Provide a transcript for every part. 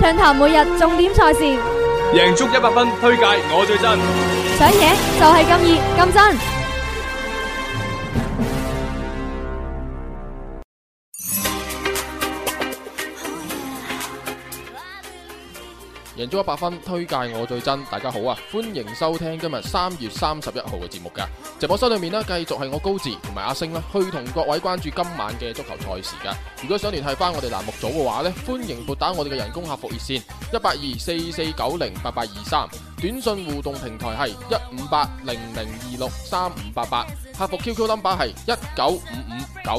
暢談每日重點賽事，贏足一百分，推介我最真，想贏就係咁熱咁真。贏足一百分，推介我最真。大家好啊，歡迎收聽今日三月三十一號嘅節目噶直播室裏面啦，繼續係我高志同埋阿星啦，去同各位關注今晚嘅足球賽事噶。如果想聯繫翻我哋欄目組嘅話咧，歡迎撥打我哋嘅人工客服熱線一八二四四九零八八二三，短信互動平台係一五八零零二六三五八八，客服 QQ 號碼係一九五五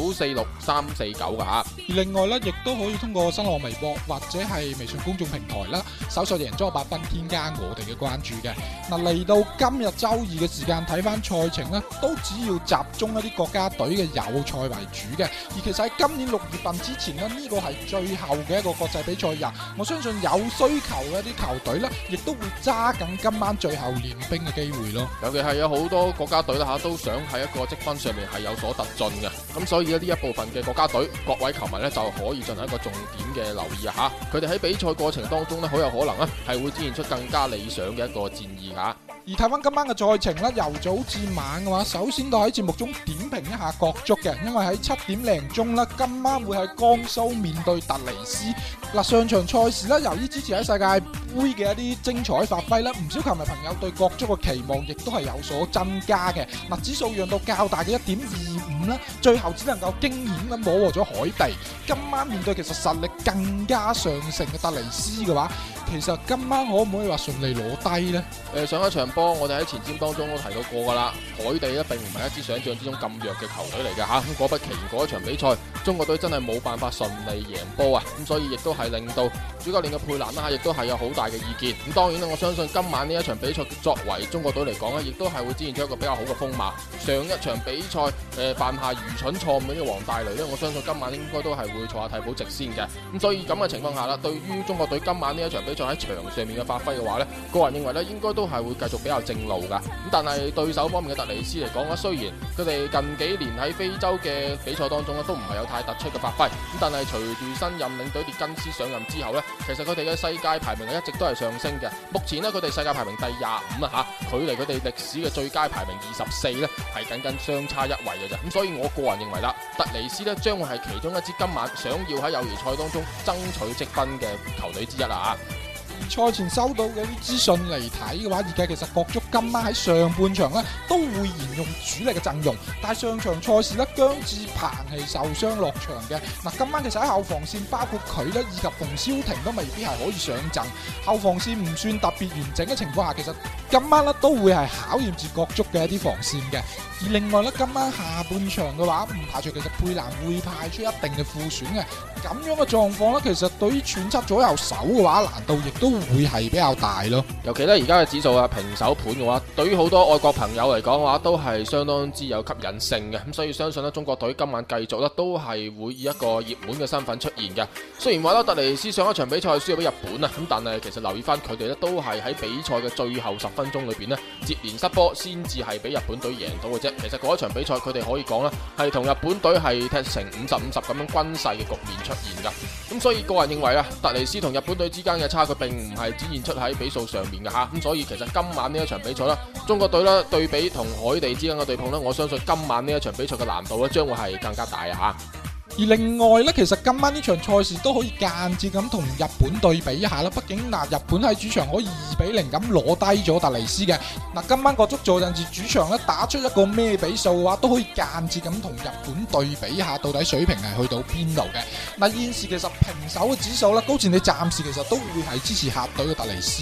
九四六三四九噶。而另外咧，亦都可以通過新浪微博或者係微信公眾平台啦。首先再贏咗百分，添加我哋嘅關注嘅。嗱，嚟到今日周二嘅時間，睇翻賽程呢都只要集中一啲國家隊嘅友賽為主嘅。而其實喺今年六月份之前呢，呢個係最後嘅一個國際比賽日。我相信有需求嘅一啲球隊呢，亦都會揸緊今晚最後練兵嘅機會咯。尤其係有好多國家隊啦吓，都想喺一個積分上面係有所突進嘅。咁所以呢一部分嘅國家隊，各位球迷呢，就可以進行一個重點嘅留意吓。佢哋喺比賽過程當中呢，好有可能。係會展現出更加理想嘅一個戰意吓。而睇翻今晚嘅賽程咧，由早至晚嘅話，首先都喺節目中點評一下國足嘅，因為喺七點零鐘咧，今晚會喺江蘇面對特尼斯。嗱，上場賽事咧，由於之前喺世界杯嘅一啲精彩發揮咧，唔少球迷朋友對國足嘅期望亦都係有所增加嘅。嗱，指數讓到較大嘅一點二五咧，最後只能夠驚險咁摸獲咗海地。今晚面對其實實力更加上乘嘅特尼斯嘅話，其實今晚可唔可以話順利攞低呢？誒，上一場波我哋喺前瞻當中都提到過噶啦，海地咧並唔係一支想象之中咁弱嘅球隊嚟嘅吓。咁、啊、果不其然，嗰一場比賽，中國隊真係冇辦法順利贏波啊！咁所以亦都係令到主教練嘅佩蘭啦、啊，亦都係有好大嘅意見。咁、啊、當然啦，我相信今晚呢一場比賽，作為中國隊嚟講呢，亦都係會展現出一個比較好嘅風貌。上一場比賽誒、啊、犯下愚蠢錯誤嘅黃大雷呢、啊，我相信今晚應該都係會坐下替補席先嘅。咁、啊、所以咁嘅情況下啦，對於中國隊今晚呢一場比賽，在喺場上面嘅發揮嘅話咧，個人認為咧應該都係會繼續比較正路噶。咁但係對手方面嘅特尼斯嚟講咧，雖然佢哋近幾年喺非洲嘅比賽當中咧都唔係有太突出嘅發揮，咁但係隨住新任領隊列根斯上任之後咧，其實佢哋嘅世界排名一直都係上升嘅。目前呢，佢哋世界排名第廿五啊嚇，距離佢哋歷史嘅最佳排名二十四咧係僅僅相差一位嘅啫。咁所以我個人認為啦，特尼斯咧將會係其中一支今晚想要喺友誼賽當中爭取積分嘅球隊之一啦嚇。賽前收到嘅啲資訊嚟睇嘅話，而家其實國足今晚喺上半場呢都會沿用主力嘅陣容，但係上場賽事呢，姜志鵬係受傷落場嘅。嗱，今晚其實喺後防線包括佢呢，以及馮瀟霆都未必係可以上陣，後防線唔算特別完整嘅情況下，其實今晚呢都會係考驗住國足嘅一啲防線嘅。而另外呢，今晚下半場嘅話，唔排除其實佩蘭會派出一定嘅副選嘅。咁樣嘅狀況呢，其實對於串出左右手嘅話，難度亦都，都會係比較大咯，尤其咧而家嘅指數啊平手盤嘅話，對於好多外國朋友嚟講嘅話，都係相當之有吸引性嘅。咁所以相信呢中國隊今晚繼續呢，都係會以一個熱門嘅身份出現嘅。雖然話啦，特尼斯上一場比賽輸咗俾日本啊，咁但係其實留意翻佢哋呢，都係喺比賽嘅最後十分鐘裏邊呢，接連失波，先至係俾日本隊贏到嘅啫。其實嗰一場比賽，佢哋可以講啦，係同日本隊係踢成五十五十咁樣均勢嘅局面出現噶。咁所以個人認為啊，特尼斯同日本隊之間嘅差距並唔係展現出喺比數上面嘅吓，咁所以其實今晚呢一場比賽啦，中國隊啦對比同海地之間嘅對碰啦，我相信今晚呢一場比賽嘅難度呢將會係更加大啊吓。而另外呢，其實今晚呢場賽事都可以間接咁同日本對比一下啦。畢竟嗱，日本喺主場可以二比零咁攞低咗特尼斯嘅。嗱，今晚個足座陣時主場呢打出一個咩比數嘅話，都可以間接咁同日本對比一下，到底水平係去到邊度嘅。嗱，現時其實平手嘅指數啦，高戰你暫時其實都會係支持客隊嘅特尼斯。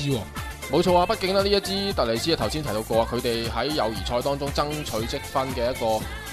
冇錯啊，畢竟呢一支特尼斯啊，頭先提到過，佢哋喺友誼賽當中爭取積分嘅一個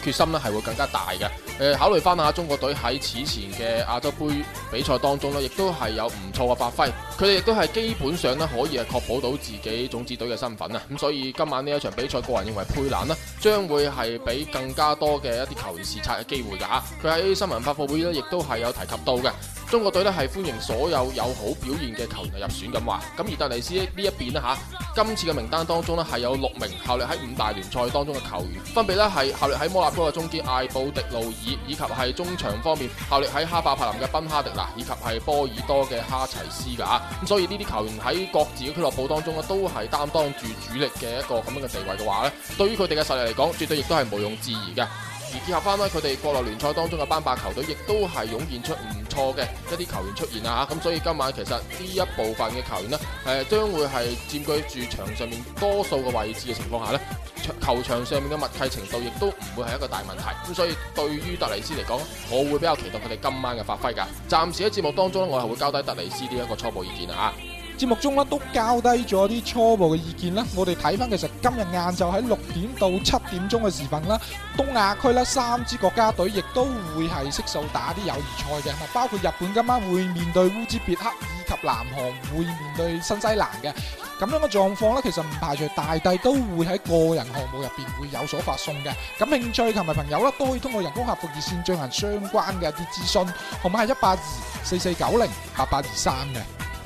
決心呢係會更加大嘅。誒，考慮翻下中國隊喺此前嘅亞洲杯比賽當中咧，亦都係有唔錯嘅發揮，佢哋亦都係基本上咧可以係確保到自己種子隊嘅身份啊，咁所以今晚呢一場比賽，個人認為佩蘭啦，將會係俾更加多嘅一啲球員視察嘅機會噶吓，佢、啊、喺新聞發布會呢，亦都係有提及到嘅。中國隊呢，係歡迎所有有好表現嘅球員入選咁話。咁而突尼斯呢一邊呢？嚇，今次嘅名單當中呢，係有六名效力喺五大聯賽當中嘅球員，分別呢係效力喺摩納哥嘅中堅艾布迪路爾，以及係中場方面效力喺哈巴柏林嘅賓哈迪啦，以及係波爾多嘅哈齊斯噶，咁所以呢啲球員喺各自嘅俱樂部當中咧，都係擔當住主力嘅一個咁樣嘅地位嘅話呢，對於佢哋嘅實力嚟講，絕對亦都係毋庸置疑嘅。而結合翻呢，佢哋國內聯賽當中嘅班霸球隊，亦都係湧現出五。錯嘅一啲球員出現啊，吓，咁所以今晚其實呢一部分嘅球員呢，誒將會係佔據住場上面多數嘅位置嘅情況下呢，場球場上面嘅默契程度亦都唔會係一個大問題，咁所以對於特尼斯嚟講，我會比較期待佢哋今晚嘅發揮噶。暫時喺節目當中，我係會交低特尼斯呢一個初步意見啊。節目中咧都交低咗啲初步嘅意見啦，我哋睇翻其實今日晏晝喺六點到七點鐘嘅時分啦，東亞區啦三支國家隊亦都會係悉數打啲友誼賽嘅，包括日本今晚會面對烏茲別克，以及南韓會面對新西蘭嘅咁樣嘅狀況咧，其實唔排除大帝都會喺個人項目入邊會有所發送嘅，感興趣球迷朋友啦都可以通過人工客服熱線進行相關嘅一啲資訊，號碼係一八二四四九零八八二三嘅。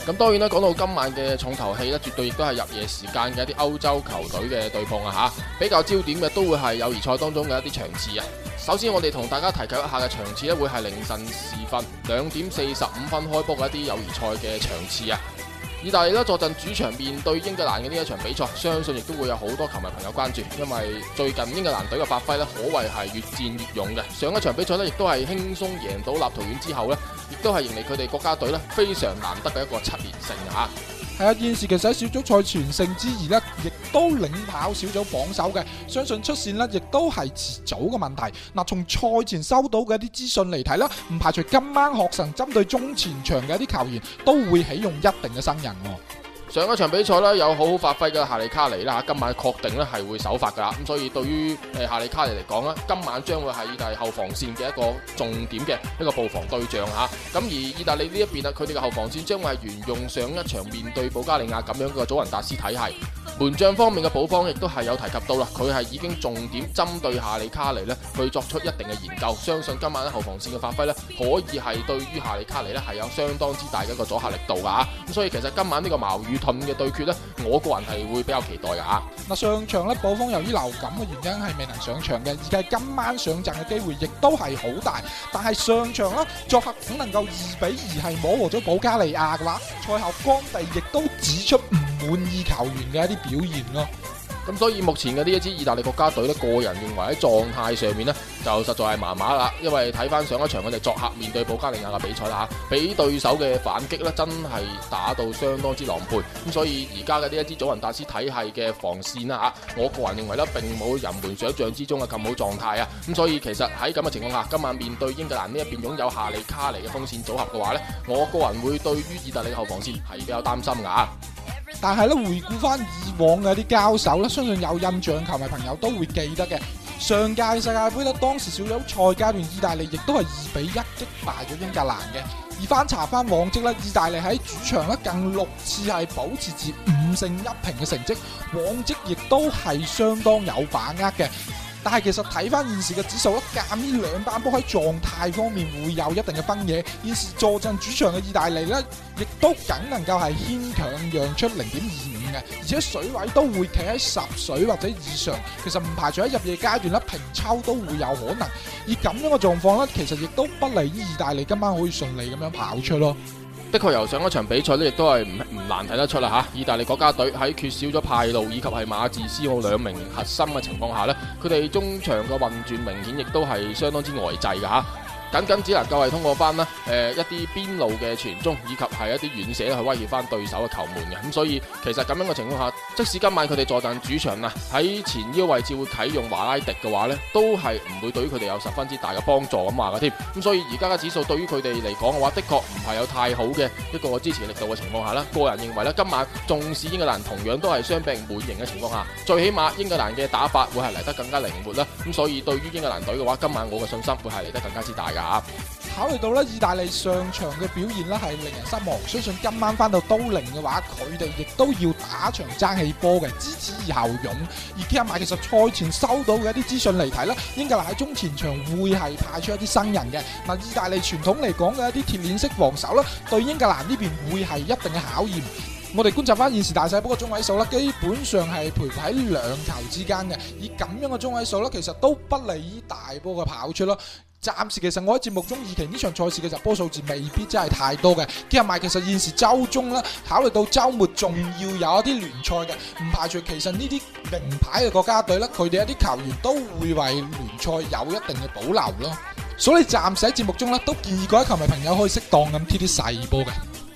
咁當然啦，講到今晚嘅重頭戲咧，絕對亦都係入夜時間嘅一啲歐洲球隊嘅對碰啊！嚇，比較焦點嘅都會係友誼賽當中嘅一啲場次啊。首先，我哋同大家提及一下嘅場次咧，會係凌晨時分兩點四十五分開波嘅一啲友誼賽嘅場次啊。意大利咧坐鎮主場面對英格蘭嘅呢一場比賽，相信亦都會有好多球迷朋友關注，因為最近英格蘭隊嘅發揮呢，可謂係越戰越勇嘅。上一場比賽呢，亦都係輕鬆贏到立陶宛之後呢，亦都係迎嚟佢哋國家隊呢，非常難得嘅一個七連勝嚇。係啊，現時其實喺小組賽全勝之餘呢，亦都領跑小組榜首嘅，相信出線咧亦都係遲早嘅問題。嗱，從賽前收到嘅一啲資訊嚟睇咧，唔排除今晚學神針對中前場嘅一啲球員都會起用一定嘅新人。上一場比賽咧有好好發揮嘅夏利卡尼啦，吓今晚確定咧係會首發噶啦，咁所以對於誒夏利卡尼嚟講呢，今晚將會係意大利後防線嘅一個重點嘅一個布防對象吓，咁而意大利呢一邊呢，佢哋嘅後防線將會係沿用上一場面對保加利亞咁樣嘅祖雲達斯體系。門將方面嘅補方亦都係有提及到啦，佢係已經重點針對夏利卡尼呢去作出一定嘅研究，相信今晚後防線嘅發揮呢可以係對於夏利卡尼呢係有相當之大嘅一個阻嚇力度噶吓，咁所以其實今晚呢個矛雨盾嘅對決呢，我個人係會比較期待嘅嗱、啊，上場呢，保方由於流感嘅原因係未能上場嘅，而係今晚上陣嘅機會亦都係好大。但係上場啦，作客只能夠二比二係摸和咗保加利亞嘅話，賽後江地亦都指出唔滿意球員嘅一啲表現咯、啊。咁所以目前嘅呢一支意大利國家隊咧，個人認為喺狀態上面咧，就實在係麻麻啦。因為睇翻上一場我哋作客面對保加利亞嘅比賽啦，吓俾對手嘅反擊咧，真係打到相當之狼狽。咁所以而家嘅呢一支祖雲達斯體系嘅防線啦吓，我個人認為咧，並冇人們想象之中嘅咁好狀態啊。咁所以其實喺咁嘅情況下，今晚面對英格蘭呢一邊擁有夏利卡尼嘅鋒線組合嘅話咧，我個人會對於意大利嘅後防線係比較擔心噶。但係咧，回顧翻以往嘅啲交手咧，相信有印象球迷朋友都會記得嘅。上屆世界盃咧，當時小組賽階段，意大利亦都係二比一擊敗咗英格蘭嘅。而翻查翻往績咧，意大利喺主場咧，近六次係保持至五勝一平嘅成績，往績亦都係相當有把握嘅。但係其實睇翻現時嘅指數咧，隔呢兩班波喺狀態方面會有一定嘅分野。現時坐鎮主場嘅意大利呢，亦都僅能夠係牽強讓出零點二五嘅，而且水位都會企喺十水或者以上。其實唔排除喺入夜階段呢，平抽都會有可能。以咁樣嘅狀況呢，其實亦都不利意大利今晚可以順利咁樣跑出咯。的確，由上一場比賽咧亦都係唔唔難睇得出啦吓。意大利國家隊喺缺少咗派路以及係馬治斯奧兩名核心嘅情況下咧，佢哋中場嘅運轉明顯亦都係相當之呆滯嘅吓。僅僅只能夠係通過翻啦，誒一啲邊路嘅傳中，以及係一啲遠射去威脅翻對手嘅球門嘅。咁所以其實咁樣嘅情況下，即使今晚佢哋坐鎮主場啊，喺前腰位置會啟用華拉迪嘅話呢都係唔會對於佢哋有十分之大嘅幫助咁話嘅添。咁所以而家嘅指數對於佢哋嚟講嘅話，的確唔係有太好嘅一個支持力度嘅情況下啦。個人認為咧，今晚縱使英格蘭同樣都係傷病滿營嘅情況下，最起碼英格蘭嘅打法會係嚟得更加靈活啦。咁所以對於英格蘭隊嘅話，今晚我嘅信心會係嚟得更加之大嘅。考慮到咧，意大利上場嘅表現咧係令人失望，相信今晚翻到都靈嘅話，佢哋亦都要打場爭氣波嘅，知恥而後勇。而今日其實賽前收到嘅一啲資訊嚟睇咧，英格蘭喺中前場會係派出一啲新人嘅。嗱，意大利傳統嚟講嘅一啲鐵鏈式防守咧，對英格蘭呢邊會係一定嘅考驗。我哋觀察翻現時大細波嘅中位數咧，基本上係徘徊喺兩球之間嘅。以咁樣嘅中位數咧，其實都不利於大波嘅跑出咯。暫時其實我喺節目中預期呢場賽事嘅入波數字未必真係太多嘅，兼埋其實現時周中啦，考慮到周末仲要有一啲聯賽嘅，唔排除其實呢啲名牌嘅國家隊啦，佢哋一啲球員都會為聯賽有一定嘅保留咯，所以暫時喺節目中啦，都建議各位球迷朋友可以適當咁貼啲細波嘅。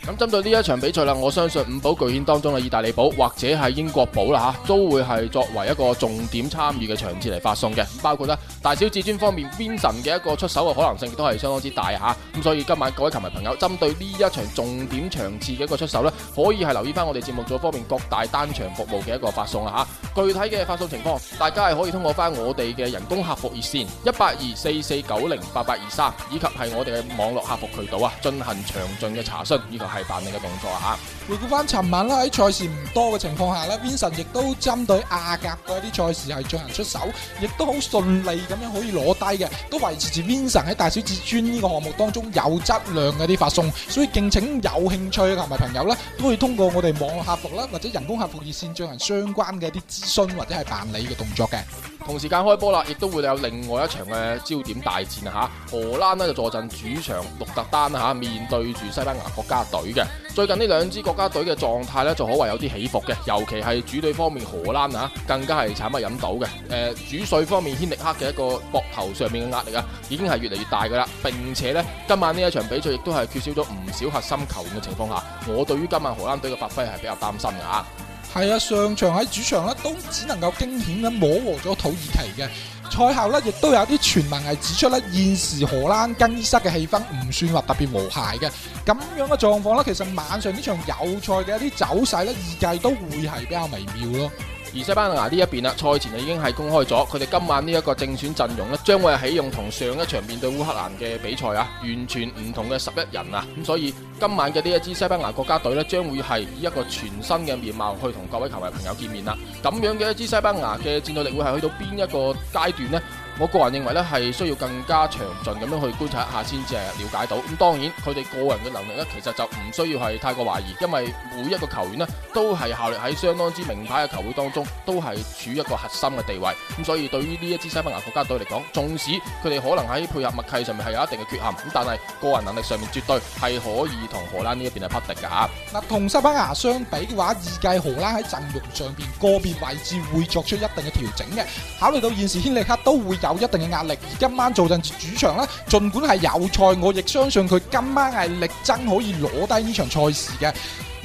咁針對呢一場比賽啦，我相信五寶巨獻當中嘅意大利寶或者係英國寶啦吓，都會係作為一個重點參與嘅場次嚟發送嘅。包括啦，大小至尊方面，Vinson 嘅一個出手嘅可能性都係相當之大吓。咁所以今晚各位球迷朋友，針對呢一場重點場次嘅一個出手咧，可以係留意翻我哋節目組方面各大單場服務嘅一個發送啦吓。具體嘅發送情況，大家係可以通過翻我哋嘅人工客服熱線一八二四四九零八八二三，23，以及係我哋嘅網絡客服渠道啊，進行詳盡嘅查詢以及，係辦理嘅動作吓，回顧翻尋晚啦，喺賽事唔多嘅情況下咧，Vincent 亦都針對阿甲嗰啲賽事係進行出手，亦都好順利咁樣可以攞低嘅，都維持住 Vincent 喺大小至尊呢個項目當中有質量嘅啲發送，所以敬請有興趣嘅球迷朋友咧，都可以通過我哋網絡客服啦，或者人工客服熱線進行相關嘅一啲諮詢或者係辦理嘅動作嘅。同時間開波啦，亦都會有另外一場嘅焦點大戰下吓，荷蘭呢就坐陣主場鹿特丹下吓，面對住西班牙國家隊嘅。最近呢兩支國家隊嘅狀態呢，就可謂有啲起伏嘅。尤其係主隊方面，荷蘭啊，更加係慘不忍睹嘅。誒、呃，主帥方面，希力克嘅一個膊頭上面嘅壓力啊，已經係越嚟越大噶啦，並且呢今晚呢一場比賽亦都係缺少咗唔少核心球員嘅情況下，我對於今晚荷蘭隊嘅發揮係比較擔心噶。係啊，上場喺主場咧都只能夠驚險咁摸和咗土耳其嘅，賽後咧亦都有啲傳聞係指出咧現時荷蘭更衣室嘅氣氛唔算話特別和諧嘅，咁樣嘅狀況咧，其實晚上呢場友賽嘅一啲走勢咧，預計都會係比較微妙咯。而西班牙呢一邊啊，賽前已經係公開咗，佢哋今晚呢一個正選陣容咧，將會係啟用同上一場面對烏克蘭嘅比賽啊，完全唔同嘅十一人啊，咁所以今晚嘅呢一支西班牙國家隊咧，將會係以一個全新嘅面貌去同各位球迷朋友見面啦。咁樣嘅一支西班牙嘅戰鬥力會係去到邊一個階段呢？我個人認為咧，係需要更加詳盡咁樣去觀察一下先至係了解到。咁當然佢哋個人嘅能力咧，其實就唔需要係太過懷疑，因為每一個球員呢，都係效力喺相當之名牌嘅球會當中，都係處一個核心嘅地位。咁所以對於呢一支西班牙國家隊嚟講，縱使佢哋可能喺配合默契上面係有一定嘅缺陷，咁但係個人能力上面絕對係可以同荷蘭呢一邊係匹敵嘅嚇。嗱，同西班牙相比嘅話，預計荷蘭喺陣容上邊個別位置會作出一定嘅調整嘅。考慮到現時軒力克都會，有一定嘅壓力，而今晚做陣主場呢，盡管係有賽，我亦相信佢今晚係力爭可以攞低呢場賽事嘅。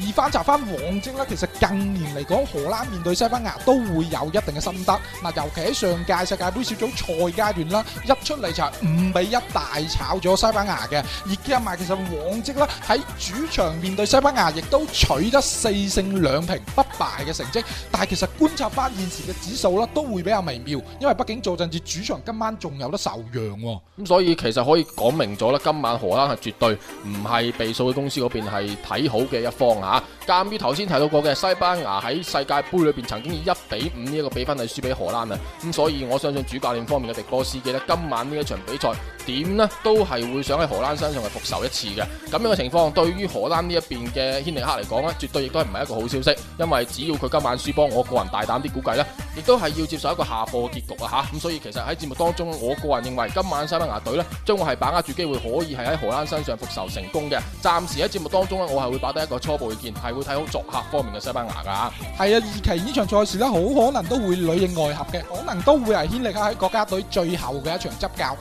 而翻查翻往績咧，其實近年嚟講，荷蘭面對西班牙都會有一定嘅心得。嗱，尤其喺上屆世界盃小組賽階段啦，一出嚟就係五比一大炒咗西班牙嘅。而加埋其實往績咧喺主場面對西班牙，亦都取得四勝兩平不敗嘅成績。但係其實觀察翻現時嘅指數啦，都會比較微妙，因為畢竟坐陣之主場今晚仲有得受讓喎。咁所以其實可以講明咗啦，今晚荷蘭係絕對唔係畀數嘅公司嗰邊係睇好嘅一方嚇。啊！鑒於頭先提到過嘅西班牙喺世界盃裏邊曾經以一比五呢一個比分係輸俾荷蘭啊，咁、嗯、所以我相信主教練方面嘅迪波斯基呢，今晚呢一場比賽點呢都係會想喺荷蘭身上去復仇一次嘅。咁樣嘅情況對於荷蘭呢一邊嘅希尼克嚟講呢，絕對亦都係唔係一個好消息，因為只要佢今晚輸波，我個人大膽啲估計呢，亦都係要接受一個下課結局啊！吓、嗯，咁所以其實喺節目當中，我個人認為今晚西班牙隊呢，將會係把握住機會，可以係喺荷蘭身上復仇成功嘅。暫時喺節目當中呢，我係會擺低一個初步。係會睇好作客方面嘅西班牙噶，係啊，二期呢場賽事呢，好可能都會裏應外合嘅，可能都會係牽力喺國家隊最後嘅一場執教。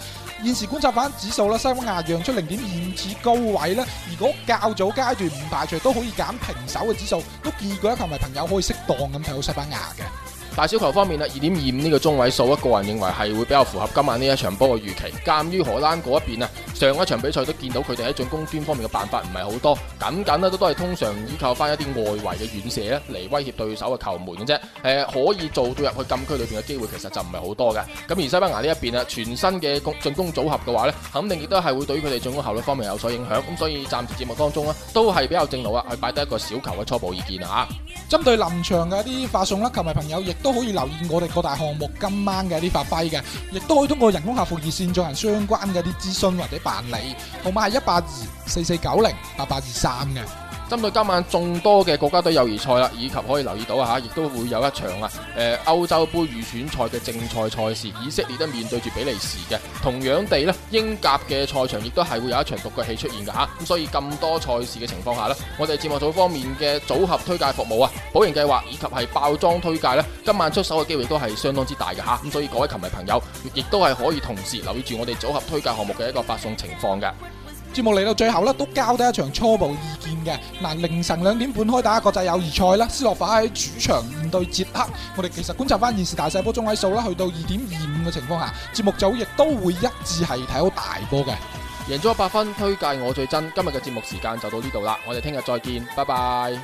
現時觀察反指數啦，西班牙讓出零點，二五高位呢，如果較早階段唔排除，都可以揀平手嘅指數。都建議各位球迷朋友可以適當咁睇好西班牙嘅大小球方面啦，二點二五呢個中位數，我個人認為係會比較符合今晚呢一場波嘅預期，鑒於荷蘭嗰一邊啊。上一場比賽都見到佢哋喺進攻端方面嘅辦法唔係好多，僅僅咧都都係通常依靠翻一啲外圍嘅遠射咧嚟威脅對手嘅球門嘅啫。誒、呃，可以做到入去禁區裏邊嘅機會其實就唔係好多嘅。咁而西班牙呢一邊啊，全新嘅攻進攻組合嘅話呢，肯定亦都係會對於佢哋進攻效率方面有所影響。咁所以暫時節目當中咧，都係比較正路啊，去擺低一個小球嘅初步意見啊嚇。針對臨場嘅一啲發送啦，球迷朋友亦都可以留意我哋各大項目今晚嘅一啲發揮嘅，亦都可以通過人工客服熱線進行相關嘅一啲諮詢或者。辦理號碼係一八二四四九零八八二三嘅。針對今晚眾多嘅國家隊友誼賽啦，以及可以留意到啊，亦都會有一場啊，誒、呃、歐洲盃預選賽嘅正賽賽事，以色列都面對住比利時嘅。同樣地呢，英甲嘅賽場亦都係會有一場獨腳戲出現噶吓。咁所以咁多賽事嘅情況下呢，我哋節目組方面嘅組合推介服務啊，保贏計劃以及係爆莊推介呢，今晚出手嘅機會都係相當之大嘅吓。咁所以各位球迷朋友，亦都係可以同時留意住我哋組合推介項目嘅一個發送情況嘅。節目嚟到最後呢，都交低一場初步意見嘅。嗱、呃，凌晨兩點半開打國際友誼賽啦，斯洛伐克主場面對捷克。我哋其實觀察翻現時大細波中位數啦，去到二點二五嘅情況下，節目組亦都會一致係睇好大波嘅，贏咗一百分。推介我最真。今日嘅節目時間就到呢度啦，我哋聽日再見，拜拜。